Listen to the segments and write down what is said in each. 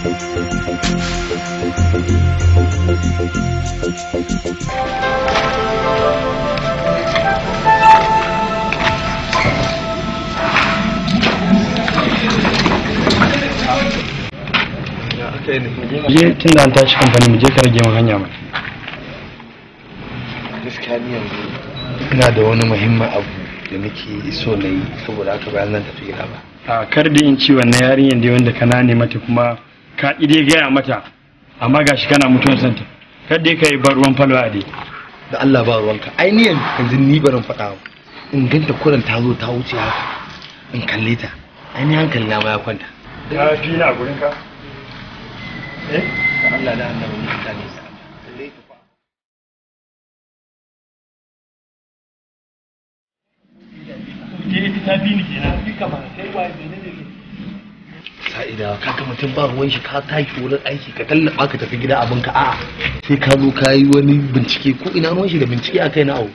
je tun da an tashi kamfani mu je ka rage mu hanya mai ina da wani muhimmin abu da nake so na yi saboda haka bayan zan tafi gida ba a kar da in ciwon wannan yarinyar da wanda na ne mata kuma ka ide gaya mata amma gashi kana mutuwan santa kada ka yi ba ruwan falwa dai da Allah ba ruwanka ainihin yanzu ni barin faɗa in ganta kuran ta zo ta wuce haka in kalle ta ainihin hankali na ya kwanta ka fi na gurin ka eh Allah da ne ta ne ta sai sa'ida kaga mutum ba ruwan shi ka tashi wurin aiki ka tallafa ka tafi gida abinka a'a sai ka zo ka yi wani bincike ko ina ruwan shi da bincike a kai na abu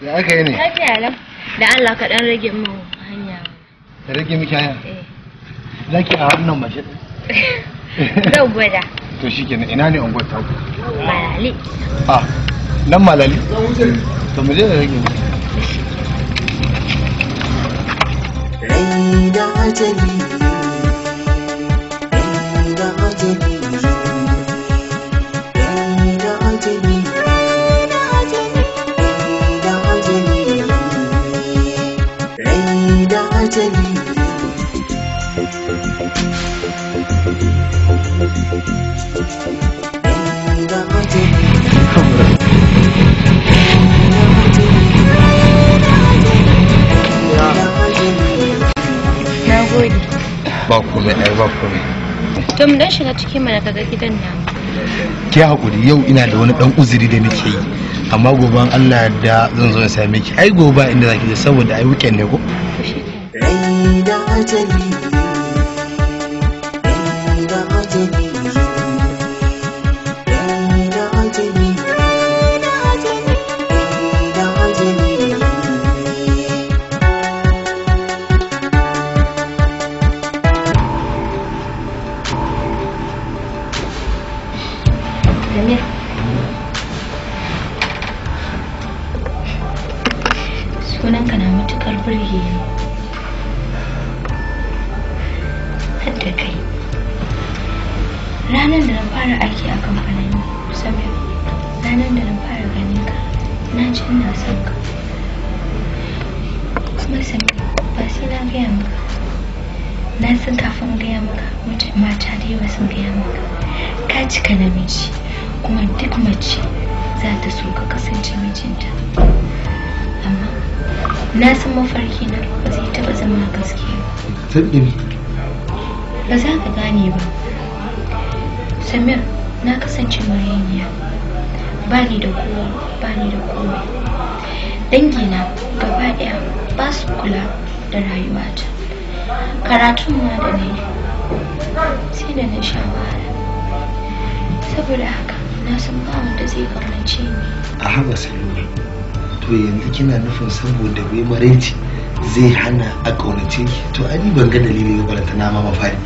da aka yi ne da Allah ka dan rage mu hanya ka rage miki hanya eh zaki a hannun mace zan gwada to shikenan ina ne unguwar ta ku malali ah nan malali to mu je da rage miki da ajali ba komai ai ba komai to mu dan shiga cikin mana kaga gidan nan ke hakuri yau ina da wani dan uzuri da nake yi amma gobe Allah da zan zo na same ki ai gobe inda zaki je saboda ai weekend ne ko rai da ajali mafarki na ba zai taba zama gaske ba za ka gane ba samir na kasance mariniya. ba ni da kowa ba ni da komai dangina gaba ɗaya ba su kula da rayuwata karatun ma da ne, sai da na sha wahala saboda haka na san ba wanda zai karnace ni a haɓa salula to yanzu kina nufin saboda bai maraici zai hana a kaunace ki to ani ban ga dalili ga balanta na ma fari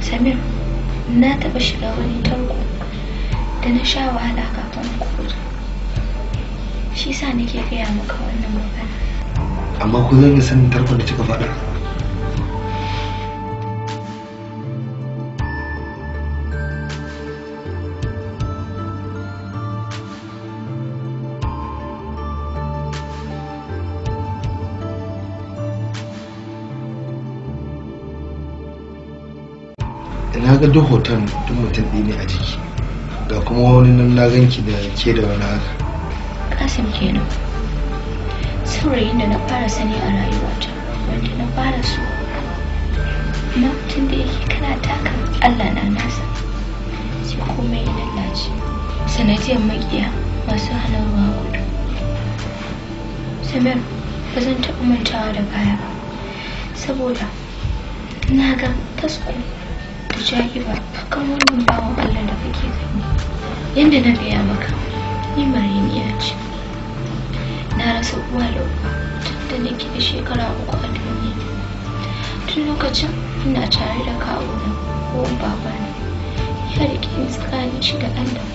samir na taba shiga wani tarko da na sha wahala kafin kuɗi shi sa nake gaya maka wannan magana amma ku zan yi sanin tarkon da kika faɗa na ga duk hoton duk mutum ɗi ne a jiki ga kuma wani nan na ganki da ke da wani haka kasim kenan saurayin da na fara sani a rayuwata wanda na fara so na mutum da yake kana taka allah na nasa sai komai ya lalace sanadiyar makiya masu halarwa hudu samir ba zan taɓa mantawa da baya ba saboda na ga tasko jagiba kan wannan bawan allah da kake gani yadda na gaya maka ni mariniya ce na rasa uwa da uba tun da nake da shekara uku a duniya tun lokacin ina tare da kawuna ko babana ya riƙe ni tsakanin shi da allah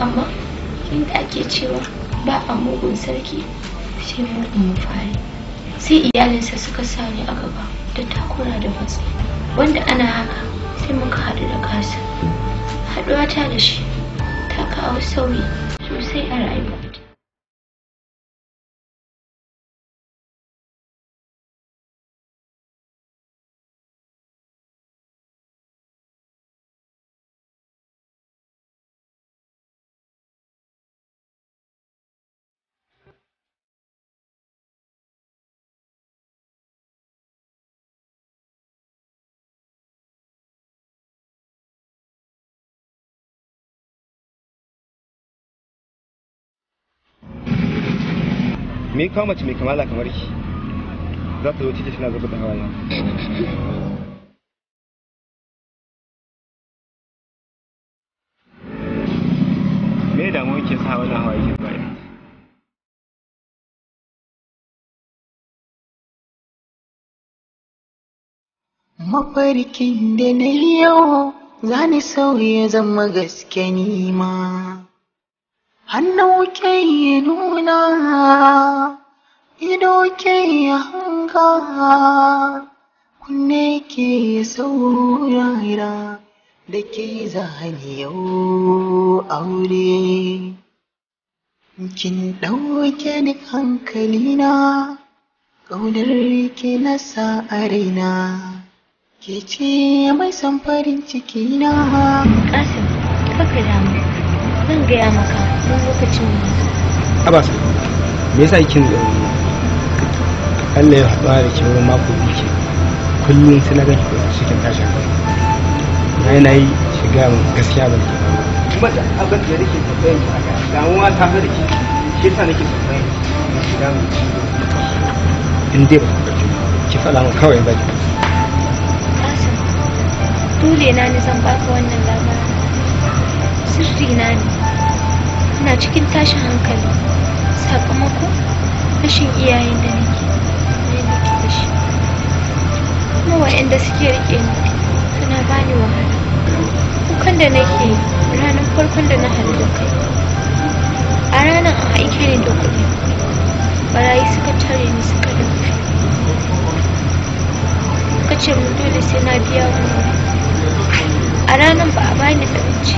amma inda ake cewa ba a mugun sarki sai mugun mafari sai iyalinsa suka sa ni a gaba da takura da matsayi wanda ana haka sai muka haɗu da kasa haɗuwa ta da shi ta kawo sauyi sosai a rayuwa me kawo mace mai kamala kamar shi za ta zo ciki tana zuba da hawaye me damuwa ke sa wannan hawaye ke baya mafarkin da na yi yawo za ni sauya zama gaske nima. hannu ke yi nuna ido ke yi hanga kunne ke yi da ke zane yau aure kin ɗauke ni hankalina ƙaunar ke na sa a raina ke ce mai samfarin farin ciki na ƙasa kaka damu zan gaya maka wani lokacin abas me yasa kin Allah ya haɗuwa da ke wurin mako biyu kullum sai na ga ki cikin tashin na yana yi shiga gaskiya ba ke kuma da abin da nake tambayar ki aka damuwa ta da ki shi yasa nake tambayar ki shiga in dai ba ki faɗa mu kawai ba ki dole na ne zan baka wannan labarin ina ne ina cikin tashin hankali sakamako rashin iyayen da nake nake da shi kuma wa'anda suke rike ni suna bani wahala kukan da nake ranar farkon da na haɗu da kai a ranar an aike ni da kuɗi barayi suka tare ni suka dauke suka ce mu dole sai na biya wani a ranar ba a bani abinci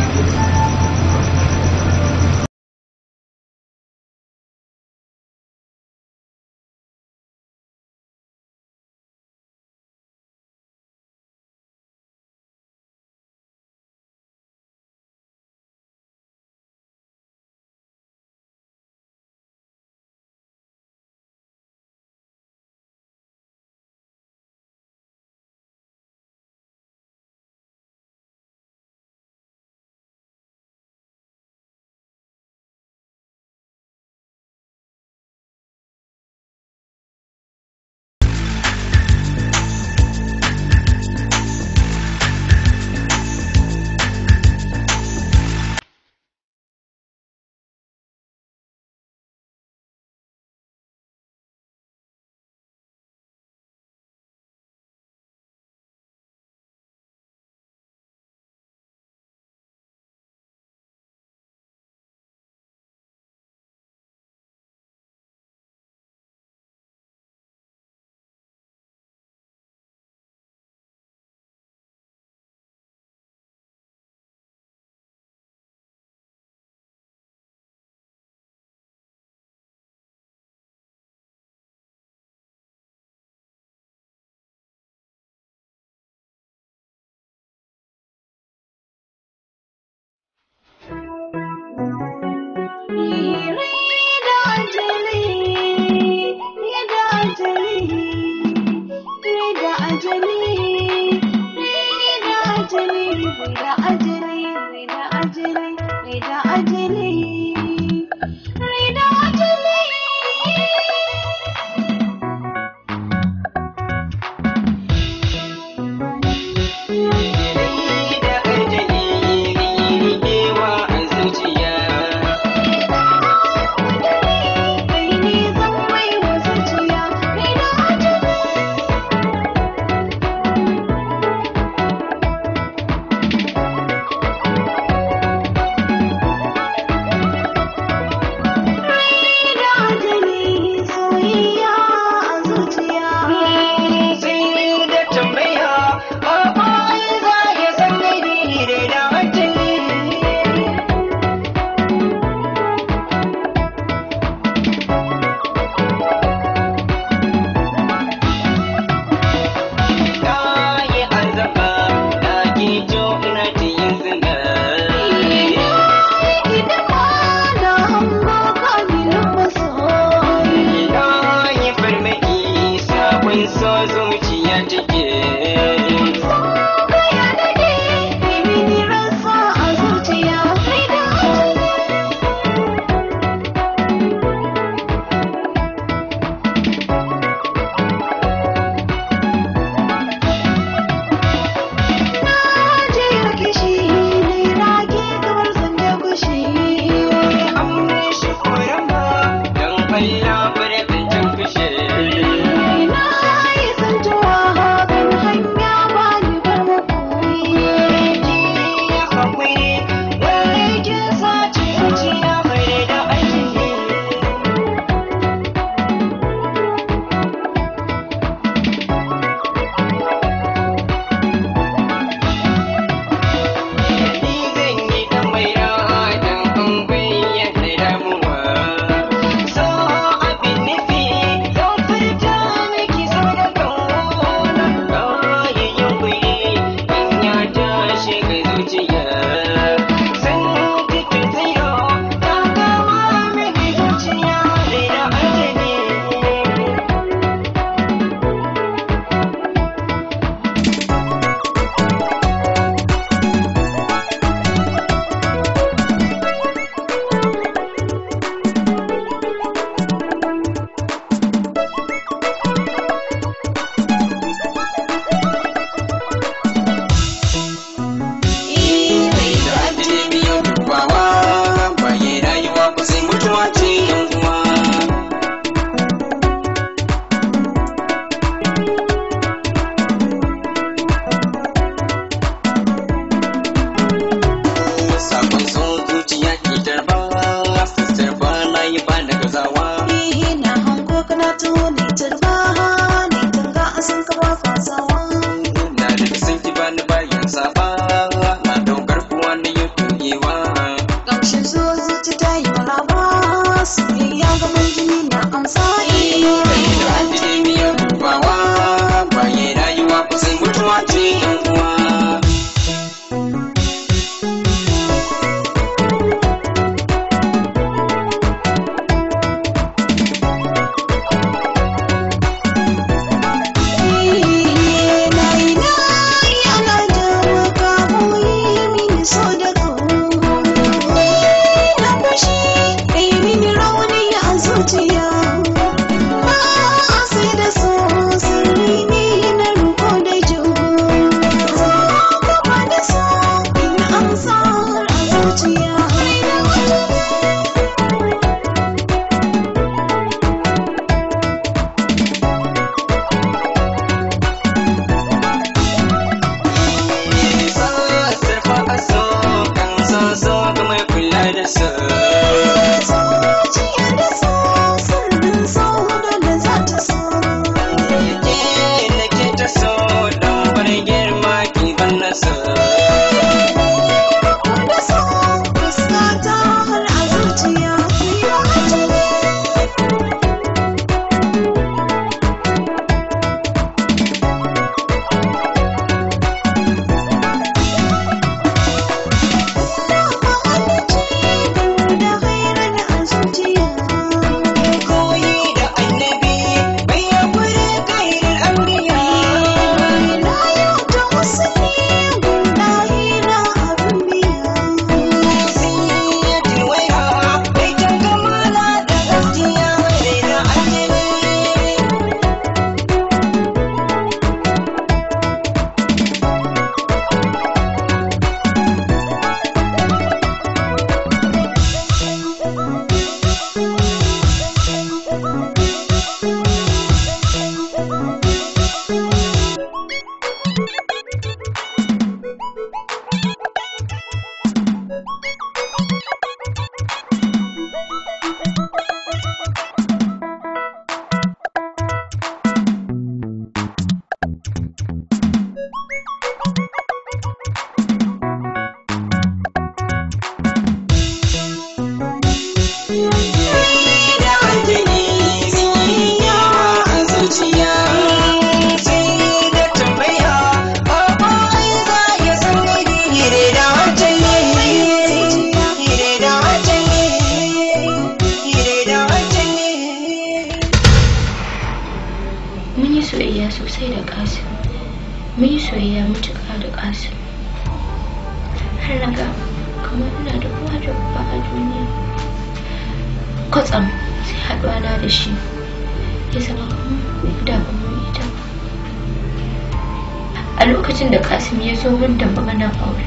zo da maganar aure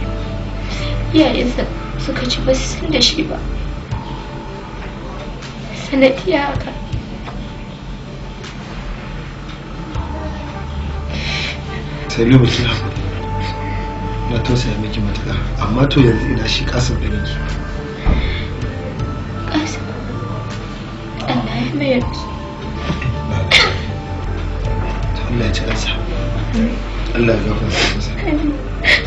iyayensa suka ci ba san da shi ba sanadiya haka salimu kina kuɗi na tausaya miki matuƙa amma to yanzu ina shi kasar da miki Allah ya mayar Allah ya ci Allah masu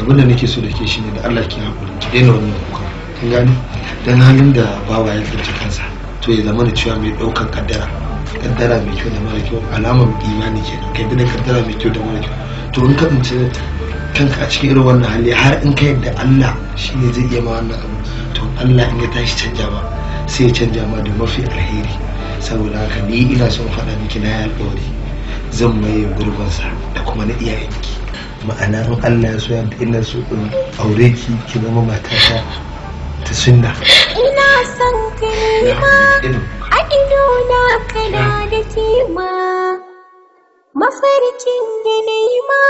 abin da nake so da ke shi ne da Allah ke hakuri ki daina wannan kuka kin gane dan halin da baba ya tsinci kansa to ya zama da cewa mai daukan kaddara kaddara mai kyau da mara kyau alamar imani ke kai da kaddara mai kyau da mara kyau to in ka tsinci kanka a cikin irin wannan hali har in ka yadda Allah shi ne zai iya ma wannan abu to Allah in ya tashi canja ba sai ya canja ma da mafi alheri saboda haka ni ina son faɗa miki na ya alƙawari zan maye gurbinsa da kuma na iyayenki ma'ana in allah ya so ya ina so in aure ki ki zama matata ta sunna ina son ka ma a ido na kana da ma mafarkin da ma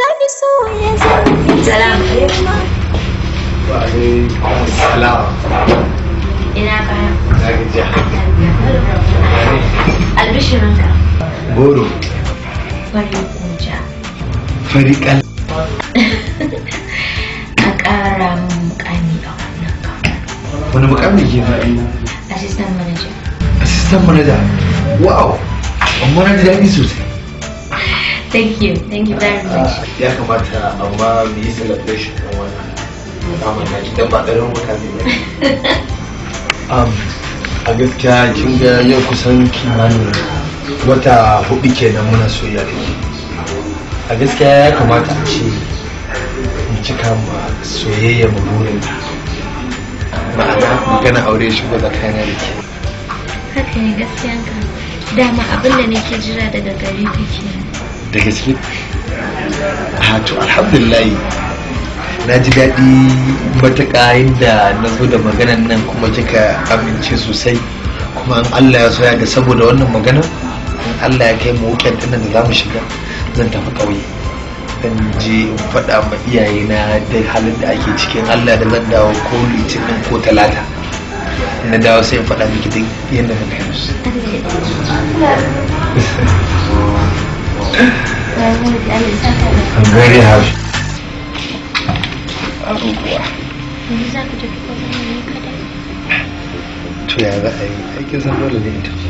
sani so ya zama salam salam ina kaya na gajiya albishirinka goro farikal a ƙara mun mukami a wannan kamfanin wani mukami ke ba ina assistant manager assistant manager wow amma na ji daɗi sosai thank you thank you very much ah, ya kamata amma mu yi celebration ɗin wannan kamar na ji dan ba ɗarin mukami ba um, a gaskiya kin ga yau kusan kimanin wata hudu kenan muna soyayya da ke a gaskiya ya kamata a ce mu cika ma soyayya mu burin ma'ana magana aure shi ga tsakanin da ke haka ne gaskiyan ka dama abin da nake jira daga gare ka ke da gaske a to alhamdulillah na ji daɗi matuƙa inda na zo da maganan nan kuma kika amince sosai kuma in allah ya soya da saboda wannan magana in allah ya kai mu wuken da za mu shiga zan tafi ƙauye zan je in faɗa ma na da halin da ake cikin allah da zan dawo ko litinin ko talata na dawo sai in faɗa miki duk yadda na kai musu very happy. Abubuwa. Yanzu za ka tafi kwanan ne kada? To ya za a yi aikin san dole ne in tafi.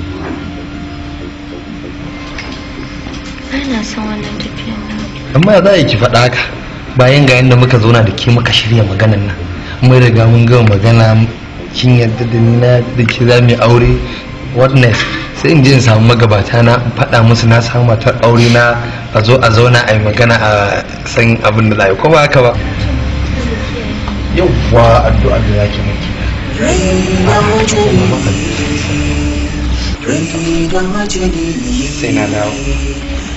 ba amma za a ki faɗa ka, bayan ga yadda muka zauna da ke muka shirya maganan nan mun riga mun gama magana kin yadda da ni na da ke za mu aure what sai in je in samu magabata na faɗa musu na samu matar aure na a zo a zauna a yi magana a san abin da za ko ba haka ba yawwa addu'a da zaki miki sai na dawo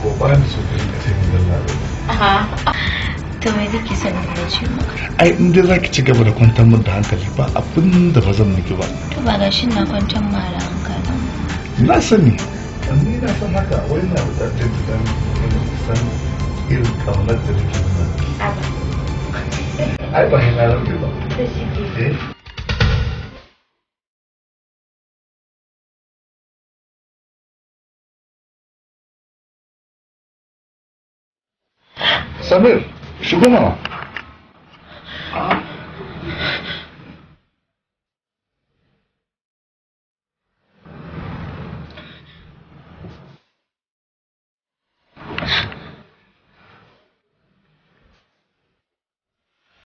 ko ba ni so ka rinka sani da labarai to me zake son da ya ce maka ai in dai zaki ci gaba da kwantar mun da hankali ba abin da ba zan miki ba to ba ga shi na kwantar ma da hankali na sani amma ina son haka wai na bukatar da dan san irin kamar da nake nuna ai ba hina rabe ba 十施工了。